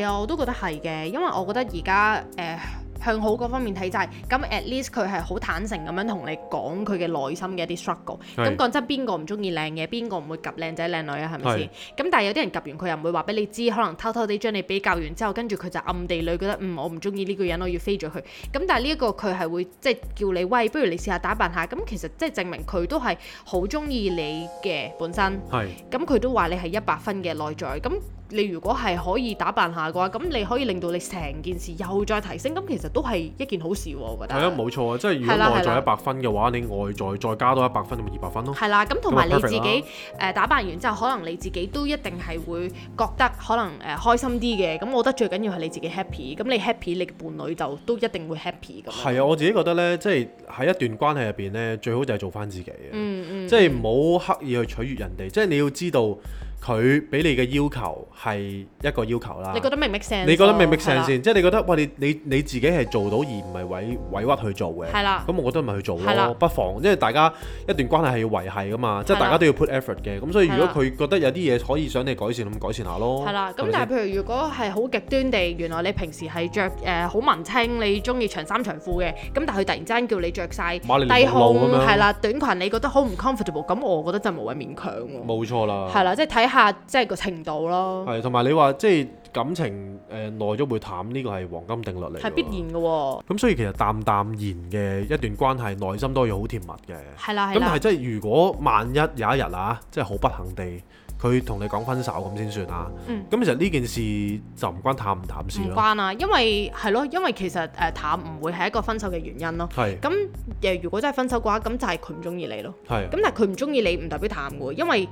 係啊，我都覺得係嘅，因為我覺得而家誒。呃向好嗰方面睇就係，咁 at least 佢係好坦誠咁樣同你講佢嘅內心嘅一啲 struggle。咁講真，邊個唔中意靚嘢？邊個唔會及靚仔靚女啊？係咪先？咁但係有啲人及完佢又唔會話俾你知，可能偷偷地將你比較完之後，跟住佢就暗地裏覺得嗯我唔中意呢個人，我要飛咗佢。咁但係呢一個佢係會即係叫你喂，不如你試下打扮下。咁其實即係證明佢都係好中意你嘅本身。係。咁佢都話你係一百分嘅內在。咁你如果係可以打扮下嘅話，咁你可以令到你成件事又再提升，咁其實都係一件好事喎。我覺得。係啊，冇錯啊，即係如果內在一百分嘅話，的你外在的再加多一百分，咁咪二百分咯。係啦，咁同埋你自己誒打扮完之後，可能你自己都一定係會覺得可能誒開心啲嘅。咁我覺得最緊要係你自己 happy。咁你 happy，你嘅伴侶就都一定會 happy 嘅。係啊，我自己覺得呢，即係喺一段關係入邊呢，最好就係做翻自己啊、嗯！嗯嗯，即係唔好刻意去取悅人哋，嗯、即係你要知道。佢俾你嘅要求係一個要求啦。你覺得明唔明，你覺得明唔明即係你覺得喂，你你你自己係做到而唔係委委屈去做嘅。係啦。咁我覺得唔咪去做咯，不妨，因為大家一段關係係要維係噶嘛，即係大家都要 put effort 嘅。咁所以如果佢覺得有啲嘢可以想你改善，咁改善下咯。係啦。咁但係譬如如果係好極端地，原來你平時係着誒好文青，你中意長衫長褲嘅，咁但係佢突然之間叫你着晒低胸，係啦，短裙，你覺得好唔 comfortable，咁我覺得就係無謂勉強。冇錯啦。係啦，即係睇下即係個程度咯，係同埋你話即係感情誒、呃、耐咗會淡呢、呢個係黃金定律嚟，係必然嘅、哦。咁所以其實淡淡然嘅一段關係，內心都要好甜蜜嘅。係啦係咁但係即係如果萬一有一日啊，即係好不幸地，佢同你講分手咁先算啊。嗯。咁其實呢件事就唔關淡唔淡事咯。關啦、啊，因為係咯，因為其實誒、呃、淡唔會係一個分手嘅原因咯。係的。咁誒如果真係分手嘅話，咁就係佢唔中意你咯。係的。咁的但係佢唔中意你唔代表淡嘅，因為誒、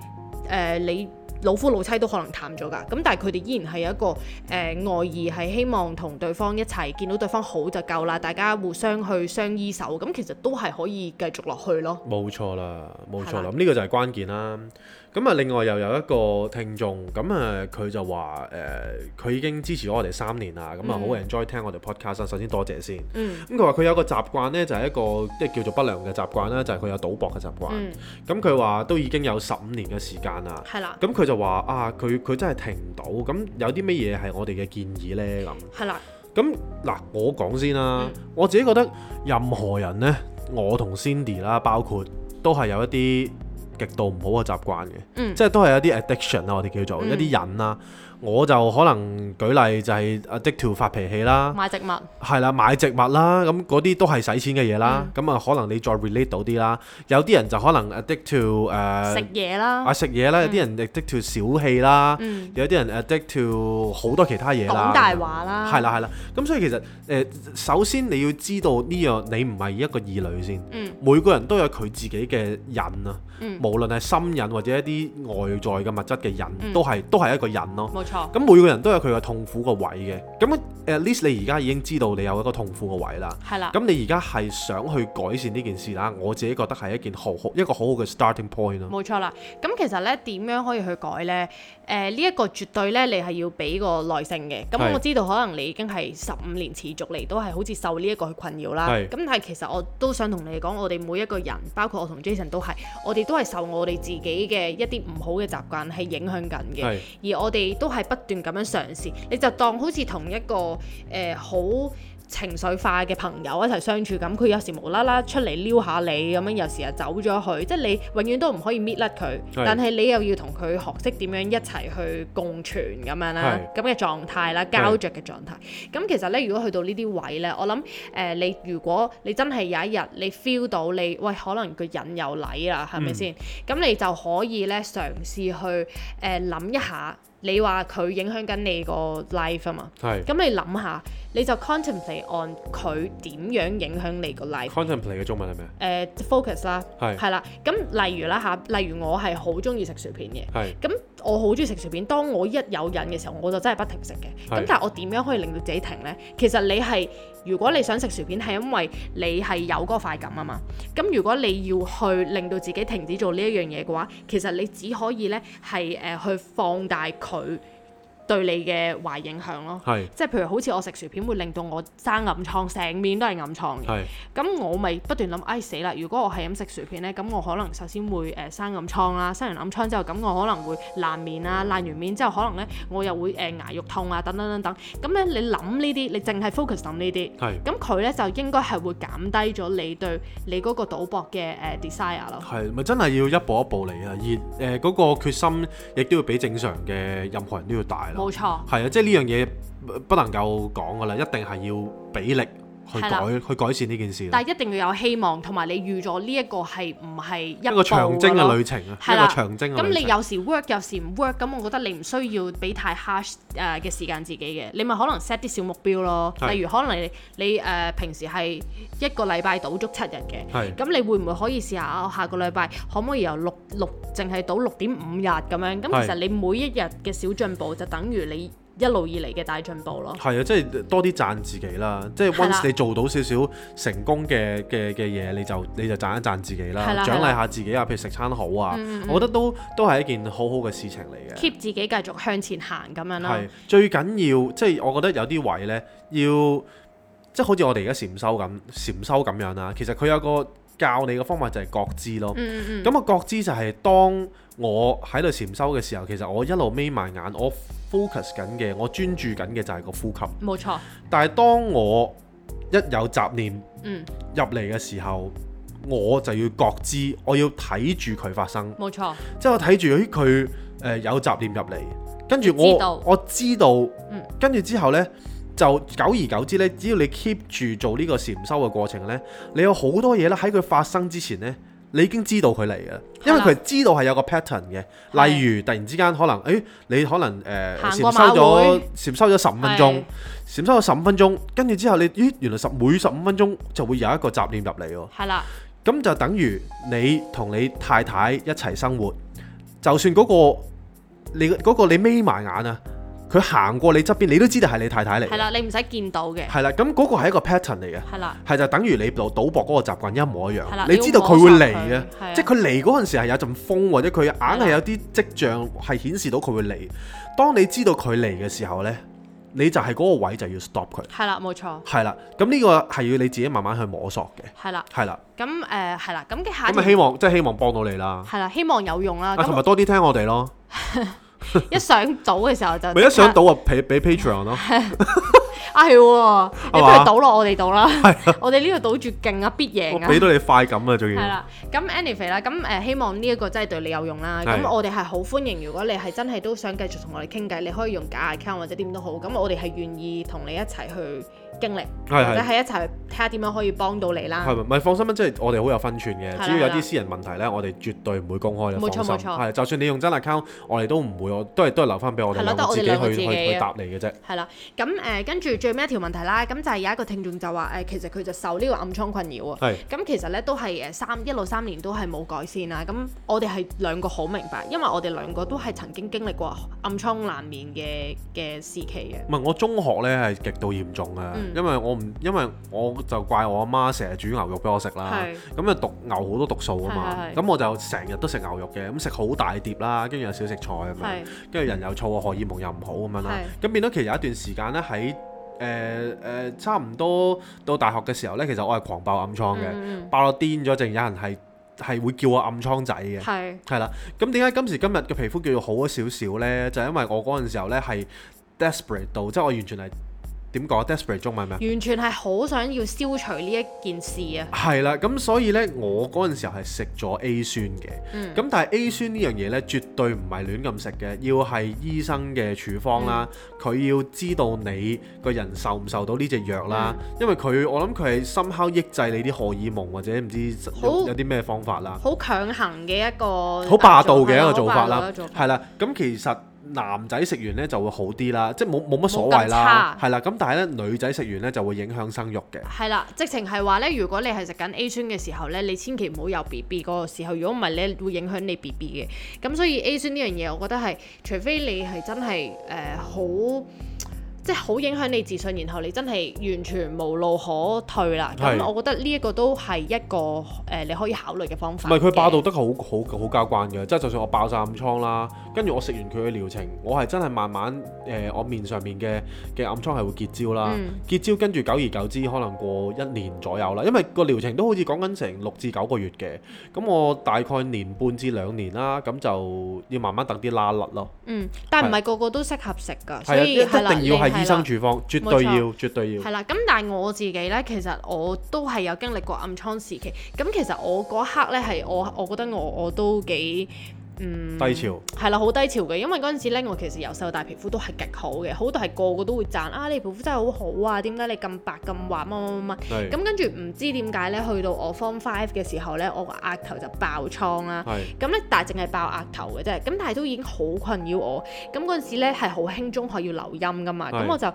呃、你。呃老夫老妻都可能淡咗㗎，咁但係佢哋依然係有一個誒愛意，係希望同對方一齊見到對方好就夠啦，大家互相去相依守，咁其實都係可以繼續落去咯。冇錯啦，冇錯啦，呢個就係關鍵啦。咁啊，另外又有一個聽眾，咁啊佢就話誒佢已經支持咗我哋三年啦，咁啊好 enjoy 聽我哋 podcast，首先多謝先。嗯。咁佢話佢有個習慣咧，就係一個即係叫做不良嘅習慣啦，就係佢有賭博嘅習慣。嗯。咁佢話都已經有十五年嘅時間啦。係啦。咁佢。就話啊，佢佢真係停唔到，咁有啲咩嘢係我哋嘅建議呢？咁。係啦，咁嗱我講先啦，嗯、我自己覺得任何人呢，我同 Cindy 啦，包括都係有一啲極度唔好嘅習慣嘅，嗯、即係都係一啲 addiction 啊，我哋叫做、嗯、一啲癮啊。我就可能舉例就係 addict to 發脾氣啦，買植物係啦，買植物啦，咁嗰啲都係使錢嘅嘢啦。咁啊，可能你再 relate 到啲啦。有啲人就可能 addict to 誒食嘢啦，啊食嘢啦。有啲人 addict to 小氣啦，有啲人 addict to 好多其他嘢啦。講大話啦，係啦係啦。咁所以其實誒，首先你要知道呢樣，你唔係一個異類先。每個人都有佢自己嘅癮啊。嗯，無論係心癮或者一啲外在嘅物質嘅癮，都係都係一個癮咯。錯，咁每個人都有佢嘅痛苦個位嘅，咁 at least 你而家已經知道，你有一個痛苦個位啦，係啦的，咁你而家係想去改善呢件事啦，我自己覺得係一件好好，一個好好嘅 starting point 啊。冇錯啦，咁其實咧點樣可以去改呢？誒呢一個絕對咧，你係要俾個耐性嘅。咁是、嗯、我知道可能你已經係十五年持續嚟都係好似受呢一個去困擾啦。咁是但係其實我都想同你講，我哋每一個人，包括我同 Jason 都係，我哋都係受我哋自己嘅一啲唔好嘅習慣係影響緊嘅。是而我哋都係不斷咁樣嘗試，你就當好似同一個誒、呃、好。情緒化嘅朋友一齊相處，咁佢有時無啦啦出嚟撩下你，咁樣有時又走咗去，即係你永遠都唔可以搣甩佢，是但係你又要同佢學識點樣一齊去共存咁是樣啦，咁嘅狀態啦，膠着嘅狀態。咁是其實咧，如果去到呢啲位咧，我諗誒、呃，你如果你真係有一日你 feel 到你，喂，可能個人有禮啦，係咪先？咁、嗯、你就可以咧嘗試去誒諗、呃、一下。你話佢影響緊你個 life 啊嘛，係是。咁你諗下，你就 contemplate on 佢點樣影響你個 life。contemplate 嘅中文係咩啊？誒 focus 啦，係是。係啦，咁例如啦嚇，例如我係好中意食薯片嘅，係是。咁我好中意食薯片，當我一有癮嘅時候，我就真係不停食嘅。咁是但係我點樣可以令到自己停呢？其實你係如果你想食薯片，係因為你係有嗰個快感啊嘛。咁如果你要去令到自己停止做呢一樣嘢嘅話，其實你只可以呢係誒、呃、去放大。佢。對你嘅壞影響咯，即係譬如好似我食薯片會令到我生暗瘡，成面都係暗瘡嘅。咁我咪不斷諗，唉死啦！如果我係咁食薯片咧，咁我可能首先會誒生暗瘡啦，生完暗瘡之後，咁我可能會爛面啊，爛完面之後，可能咧我又會誒牙肉痛啊，等等等等。咁咧你諗呢啲，你淨係 focus 諗呢啲，咁佢咧就應該係會減低咗你對你嗰個賭博嘅誒 desire 咯。係咪真係要一步一步嚟啊？而誒嗰個決心亦都要比正常嘅任何人都要大。冇錯，係沒、 嗯、啊，即係呢樣嘢不能夠講㗎啦，一定係要俾力。係啦，去改善呢的件事。但係一定要有希望，同埋你預咗呢一個係唔係一步。一個長征嘅旅程啊，的一個長征。咁你有時 work 有時唔 work，咁我覺得你唔需要俾太 hard 誒嘅時間自己嘅，你咪可能 set 啲小目標咯。的例如可能你你誒、呃、平時係一個禮拜賭足七日嘅，咁的你會唔會可以試下、啊、下個禮拜可唔可以由六六淨係賭六點五日咁樣？咁其實你每一日嘅小進步就等於你。一路以嚟嘅大進步咯，係啊，即係多啲讚自己啦，即係 once 是的 你做到少少成功嘅嘅嘅嘢，你就你就讚一讚自己啦，是的 獎勵下自己啊，是的 譬如食餐好啊，嗯嗯我覺得都都係一件好好嘅事情嚟嘅，keep 自己繼續向前行咁樣啦，係最緊要即係我覺得有啲位呢，要即係好似我哋而家禪修咁，禪修咁樣啦，其實佢有個教你嘅方法就係覺知咯。嗯嗯。咁啊，覺知就係當我喺度潛修嘅時候，其實我一路眯埋眼，我 focus 緊嘅，我專注緊嘅就係個呼吸。冇沒錯。但係當我一有雜念，嗯，入嚟嘅時候，我就要覺知，我要睇住佢發生。冇沒錯。即係我睇住佢，誒有雜念入嚟，跟住我我知道，跟住之後呢。就久而久之咧，只要你 keep 住做呢個禪修嘅過程咧，你有好多嘢咧喺佢發生之前咧，你已經知道佢嚟嘅，因為佢知道係有個 pattern 嘅。是的 例如突然之間可能，誒、哎，你可能誒禪修咗禪修咗十五分鐘是的 禪修咗十五分鐘，跟住之後你，你、哎、咦原來十每十五分鐘就會有一個雜念入嚟喎。係啦，咁就等於你同你太太一齊生活，就算嗰、那個那個你嗰個你眯埋眼啊。佢行過你側邊，你都知道係你太太嚟。係啦，你唔使見到嘅。係啦，咁嗰個係一個 pattern 嚟嘅。係啦，係就等於你賭賭博嗰個習慣一模一樣。係啦，你知道佢會嚟嘅，即係佢嚟嗰陣時係有陣風，或者佢硬係有啲跡象係顯示到佢會嚟。當你知道佢嚟嘅時候咧，你就係嗰個位就要 stop 佢。係啦，冇錯。係啦，咁呢個係要你自己慢慢去摸索嘅。係啦，係啦，咁誒係啦，咁嘅。咁希望即係希望幫到你啦。係啦，希望有用啦。咁同埋多啲聽我哋咯。 一想到賭嘅時候就，我一想賭 啊俾俾 patron 咯，係 你不如賭落我哋度啦，嗎 我哋呢度賭住勁啊，必贏啊，俾到你快感啊，最緊要。係啦 咁 anyway 啦，咁誒希望呢一個真係對你有用啦。咁是我哋係好歡迎，如果你係真係都想繼續同我哋傾偈，你可以用假 account 或者點都好，咁我哋係願意同你一齊去。經歷，或者係一齊睇下點樣可以幫到你啦。係唔係？放心，即係我哋好有分寸嘅。只要有啲私人問題咧，我哋絕對唔會公開。冇錯冇錯，係就算你用真 account，我哋都唔會，我都係都係留翻俾我哋自己去去答你嘅啫。係啦，咁誒跟住最尾一條問題啦，咁就係有一個聽眾就話誒，其實佢就受呢個暗瘡困擾啊。咁其實咧都係誒三一路三年都係冇改善啦。咁我哋係兩個好明白，因為我哋兩個都係曾經經歷過暗瘡難免嘅嘅時期嘅。唔係我中學咧係極度嚴重啊。因為我唔，因為我就怪我阿媽成日煮牛肉俾我食啦。咁啊是毒牛好多毒素啊嘛。咁我就成日都食牛肉嘅，咁食好大碟啦，跟住又少食菜咁樣，跟住是的 人又燥、嗯、荷爾蒙又唔好咁樣啦。咁是的 變咗其實有一段時間咧，喺誒誒差唔多到大學嘅時候咧，其實我係狂爆暗瘡嘅，嗯、爆到癲咗，仲有人係係會叫我暗瘡仔嘅。係的。係啦。咁點解今時今日嘅皮膚叫做好咗少少咧？就係、因為我嗰陣時候咧係 desperate 到，即係我完全係。點講？Desperate 中文咩？完全係好想要消除呢一件事啊！係啦，咁 所以呢，我嗰陣時候係食咗 A 酸嘅。咁、嗯、但係 A 酸呢樣嘢呢，絕對唔係亂咁食嘅，要係醫生嘅處方啦。佢、嗯、要知道你個人受唔受到呢隻藥啦，嗯、因為佢我諗佢係深刻抑制你啲荷爾蒙或者唔知有啲咩方法啦。好強行嘅一個，好霸道嘅一個做法啦。係啦，咁、嗯、其實。男仔食完咧就會好啲啦，即係冇冇乜所謂啦，係啦。咁但係咧女仔食完咧就會影響生育嘅。係啦，直情係話咧，如果你係食緊 A 酸嘅時候咧，你千祈唔好有 B B 嗰個時候，如果唔係咧會影響你 B B 嘅。咁所以 A 酸呢樣嘢，我覺得係除非你係真係誒好。呃即係好影響你自信，然後你真係完全無路可退啦。咁是我覺得呢一個都係一個誒，你可以考慮嘅方法。唔係佢霸道得好好好交關嘅，即係就算我爆晒暗瘡啦，跟住我食完佢嘅療程，我係真係慢慢誒、呃，我面上面嘅嘅暗瘡係會結焦啦。嗯、結焦跟住久而久之，可能過一年左右啦，因為個療程都好似講緊成六至九個月嘅。咁我大概年半至兩年啦，咁就要慢慢等啲拉甩咯。但係唔係個個都適合食㗎，是所以一定要係。醫生處方，絕對要，冇錯，絕對要。係啦，咁但係我自己呢，其實我都係有經歷過暗瘡時期。咁其實我嗰刻呢，係我，我覺得我我都幾。嗯，低潮係啦，好低潮嘅，因為嗰陣時咧我其實由細到大皮膚都係極好嘅，好多係個個都會讚啊，你皮膚真係好好啊，點解你咁白咁滑乜乜乜，乜咁是跟住唔知點解咧，去到我 Form Five 嘅時候咧，我額頭就爆瘡啦，咁咧是但係淨係爆額頭嘅啫，咁但係都已經好困擾我，咁嗰陣時咧係好興中學要留音噶嘛，咁是我就誒好、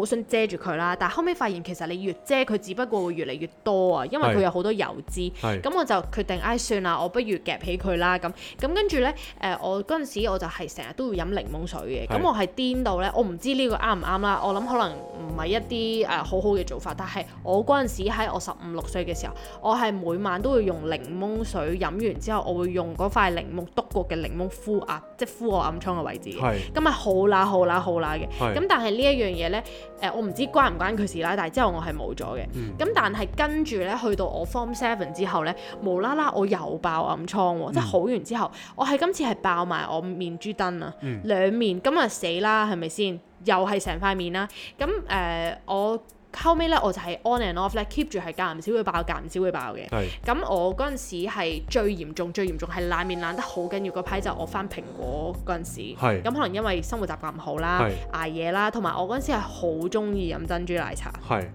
呃、想遮住佢啦，但係後尾發現其實你越遮佢，只不過會越嚟越多啊，因為佢有好多油脂，咁我就決定，唉、哎、算啦，我不如夾起佢啦，咁咁跟住。跟住咧，誒、呃，我嗰陣時我就係成日都會飲檸檬水嘅，咁是我係癲到咧，我唔知呢個啱唔啱啦，我諗可能唔係一啲誒、呃、好好嘅做法，但係我嗰陣時喺我十五六歲嘅時候，我係每晚都會用檸檬水飲完之後，我會用嗰塊檸檬篤過嘅檸檬敷牙、啊，即係敷我暗瘡嘅位置嘅，咁咪是、嗯嗯、好啦好啦好啦嘅，咁是、嗯、但係呢一樣嘢咧，誒、呃，我唔知關唔關佢事啦，但係之後我係冇咗嘅，咁、嗯、但係跟住咧，去到我 form seven 之後咧，無啦啦我又爆暗瘡喎、哦，即係好完之後、嗯嗯我今次係爆埋我面珠墩啊！嗯、兩面，今日死啦，係咪先？又係成塊面啦！咁誒、呃，我後尾咧，我就係 on and off 咧，keep 住係間唔少會爆間唔少會爆嘅。咁是我嗰陣時係最嚴重、最嚴重係爛面爛得好緊要嗰排，就我返蘋果嗰陣時。咁是可能因為生活習慣唔好啦，捱是夜啦，同埋我嗰陣時係好中意飲珍珠奶茶。係是。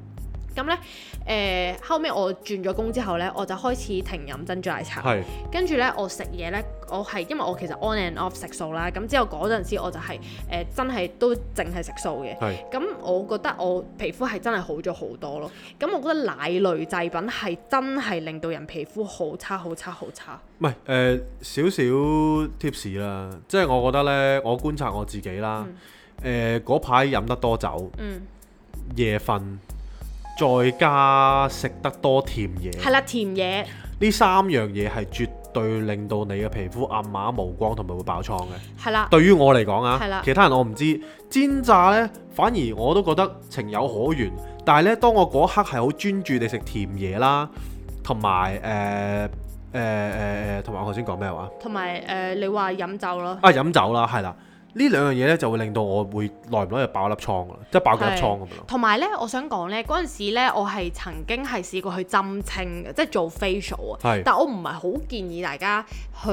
咁咧誒，後尾我轉咗工之後咧，我就開始停飲珍珠奶茶。是是跟住咧，我食嘢咧。我係因為我其實 on and off 食素啦，咁之後嗰陣時我就係、是、誒、呃、真係都淨係食素嘅，咁是我覺得我皮膚係真係好咗好多咯。咁我覺得奶類製品係真係令到人皮膚好差好差好差。唔係誒少少 tips 啦，即係我覺得咧，我觀察我自己啦，誒嗰排飲得多酒，嗯、夜瞓，再加食得多甜嘢，係啦甜嘢，呢三樣嘢係絕。對，令到你嘅皮膚暗啞無光，同埋會爆瘡嘅。係啦的，對於我嚟講啊，係啦的，其他人我唔知。煎炸呢，反而我都覺得情有可原。但係呢，當我嗰刻係好專注地食甜嘢啦，同埋誒誒誒，同埋，呃，我頭先講咩話？同埋誒，你話飲酒咯？啊，飲酒啦，係啦。呢兩樣嘢咧就會令到我會耐唔耐就爆粒瘡噶啦，即係爆粒瘡咁樣。同埋咧，我想講咧，嗰陣時咧，我係曾經係試過去針清嘅，即係做 facial 啊。係。但我唔係好建議大家去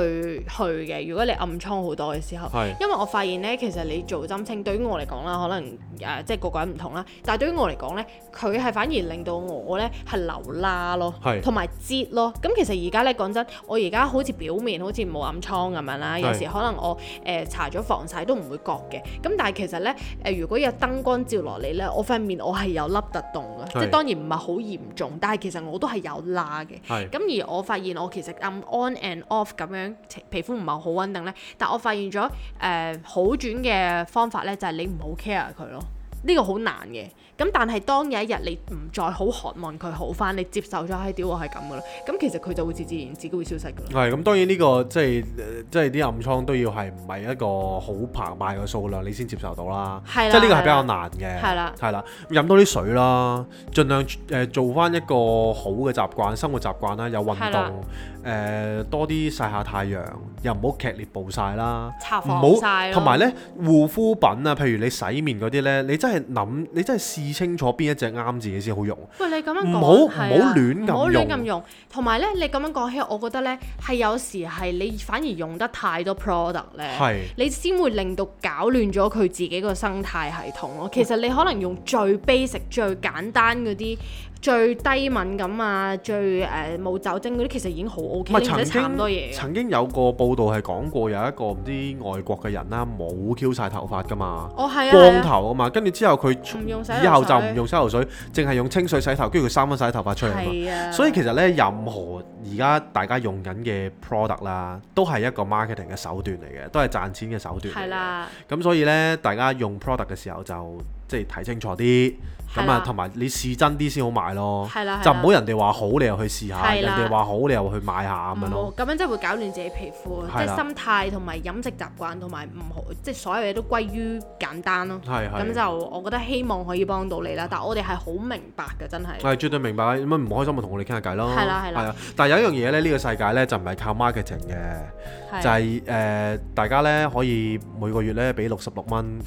去嘅，如果你暗瘡好多嘅時候。係。因為我發現咧，其實你做針清對於我嚟講啦，可能誒即係個個人唔同啦。但係對於我嚟講咧，佢係反而令到我咧係流啦咯，同埋擠咯。咁其實而家咧講真，我而家好似表面好似冇暗瘡咁樣啦。係。有時可能我誒搽咗防曬。都唔會覺嘅，咁但係其實咧，誒、呃、如果有燈光照落嚟咧，我塊面我係有凹凸洞嘅，是即係當然唔係好嚴重，但係其實我都係有啦嘅。咁是而我發現我其實按、嗯、on and off 咁樣皮膚唔係好穩定咧，但我發現咗誒、呃、好轉嘅方法咧，就係、是、你唔好 care 佢咯。呢個好難嘅，咁但係當有一日你唔再好渴望佢好翻，你接受咗係點？我係咁噶啦，咁其實佢就會自自然自己會消失噶。係咁，當然呢、這個即係即係啲暗瘡都要係唔係一個好龐大嘅數量，你先接受到啦。係的，即係呢個係比較難嘅。係啦的，係啦的，飲多啲水啦，盡量誒做翻一個好嘅習慣，生活習慣啦，有運動，誒的、呃、多啲曬下太陽，又唔好劇烈暴曬啦，唔好同埋咧護膚品啊，譬如你洗面嗰啲咧，你真係諗，你真係試清楚邊一隻啱自己先好用。喂，你咁樣唔好唔好亂咁用，唔好亂咁用。同埋咧，你咁樣講起，我覺得咧係有時係你反而用得太多 product 咧，係是你先會令到搞亂咗佢自己個生態系統咯。其實你可能用最 basic、最簡單嗰啲。最低敏感啊，最誒冇、呃、酒精嗰啲其實已經好 O K，唔使差唔多嘢。曾經有個報道係講過，有一個唔知外國嘅人啦，冇 Q 晒頭髮噶嘛，哦啊、光頭啊嘛，跟住、啊、之後佢以後就唔用洗頭水，淨係用，水用清水洗頭，跟住佢生翻晒頭髮出嚟咯。啊、所以其實呢，任何而家大家用緊嘅 product 啦，都係一個 marketing 嘅手段嚟嘅，都係賺錢嘅手段嚟嘅。係啦、咁所以呢，大家用 product 嘅時候就即係睇清楚啲。咁啊，同埋你試真啲先好買咯，就唔好人哋話好，你又去試下；人哋話好，你又去買下咁樣咯。咁樣即係會搞亂自己皮膚，即係心態同埋飲食習慣同埋唔好，即係所有嘢都歸於簡單咯。咁就我覺得希望可以幫到你啦。但係我哋係好明白嘅，真係我係絕對明白，有乜唔開心咪同我哋傾下偈咯。係啦係啦。但係有一樣嘢咧，呢個世界咧就唔係靠 marketing 嘅，就係誒大家咧可以每個月咧俾六十六蚊，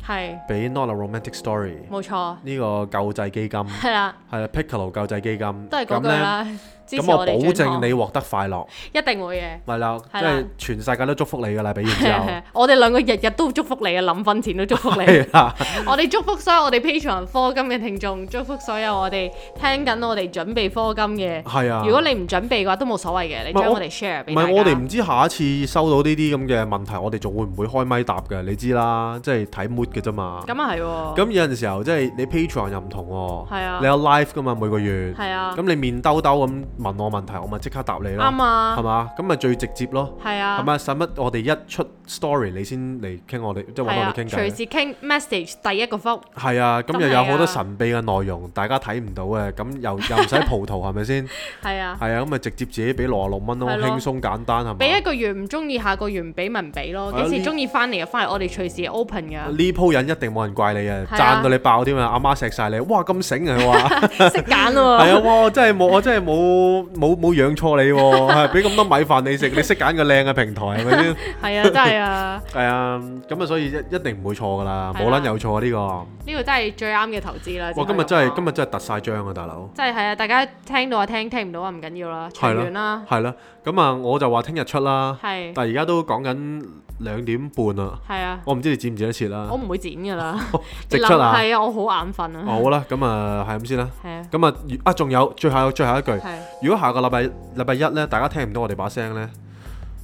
俾 Not a Romantic Story。冇錯。呢個夠。救濟基金係啦，係啦，Pickle 救濟基金都係嗰句啦。咁我保證你獲得快樂，一定會嘅。係啦，即係全世界都祝福你噶啦，俾完之後。我哋兩個日日都祝福你啊，諗瞓前都祝福你啊！我哋祝福所有我哋 patron 科金嘅聽眾，祝福所有我哋聽緊我哋準備科金嘅。係啊，如果你唔準備嘅話，都冇所謂嘅。你將我哋 share 俾。唔係我哋唔知下一次收到呢啲咁嘅問題，我哋仲會唔會開咪答嘅？你知啦，即係睇 mood 嘅啫嘛。咁啊係喎。咁有陣時候即係你 patron 又唔同喎。係啊。你有 live 噶嘛？每個月。係啊。咁你面兜兜咁。問我問題，我咪即刻答你咯。啱啊，係嘛？咁咪最直接咯。係啊。係咪使乜？我哋一出 story，你先嚟傾我哋，即係揾我哋傾偈。隨時傾 message，第一個福。係啊，咁又有好多神秘嘅內容，大家睇唔到嘅，咁又又唔使葡萄，係咪先？係啊。係啊，咁咪直接自己俾六十六蚊咯，輕鬆簡單係咪？俾一個月唔中意，下個月唔俾，咪唔俾咯。幾時中意翻嚟就翻嚟，我哋隨時 open 噶。呢鋪人一定冇人怪你啊！讚到你爆添啊！阿媽錫晒你，哇咁醒啊！哇，識揀喎。係啊，哇！真係冇，我真係冇。冇冇養錯你、啊，俾咁、 啊、多米飯你食，你識揀個靚嘅平台係咪先？係 啊，真係啊。係 啊，咁啊，所以一一定唔會錯噶啦，冇撚、啊、有錯啊呢、呢個。呢個真係最啱嘅投資啦。哇，今日真係 今日真係突晒章啊，大佬。真係係啊，大家聽到啊聽聽唔到啊唔緊要啦，算啦。係啦，咁啊，啊我就話聽日出啦。係、啊。但係而家都講緊兩點半是啊！係啊，我唔知你剪唔剪得切啦。我唔會剪噶啦，直出啊！係是啊，嗯、啊，我好眼瞓啊。好啦，咁啊，係咁先啦。係啊，咁啊，啊仲有，最後最後一句。是啊、如果下個禮拜禮拜一咧，大家聽唔到我哋把聲咧，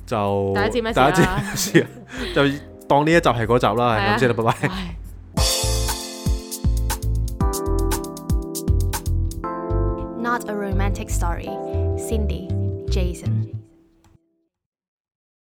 就、啊、大家知咩事啦。大家知咩事啊？ 就當呢一集係嗰集啦，係咁是、啊啊、先啦，拜拜。Not a romantic story. Cindy, Jason.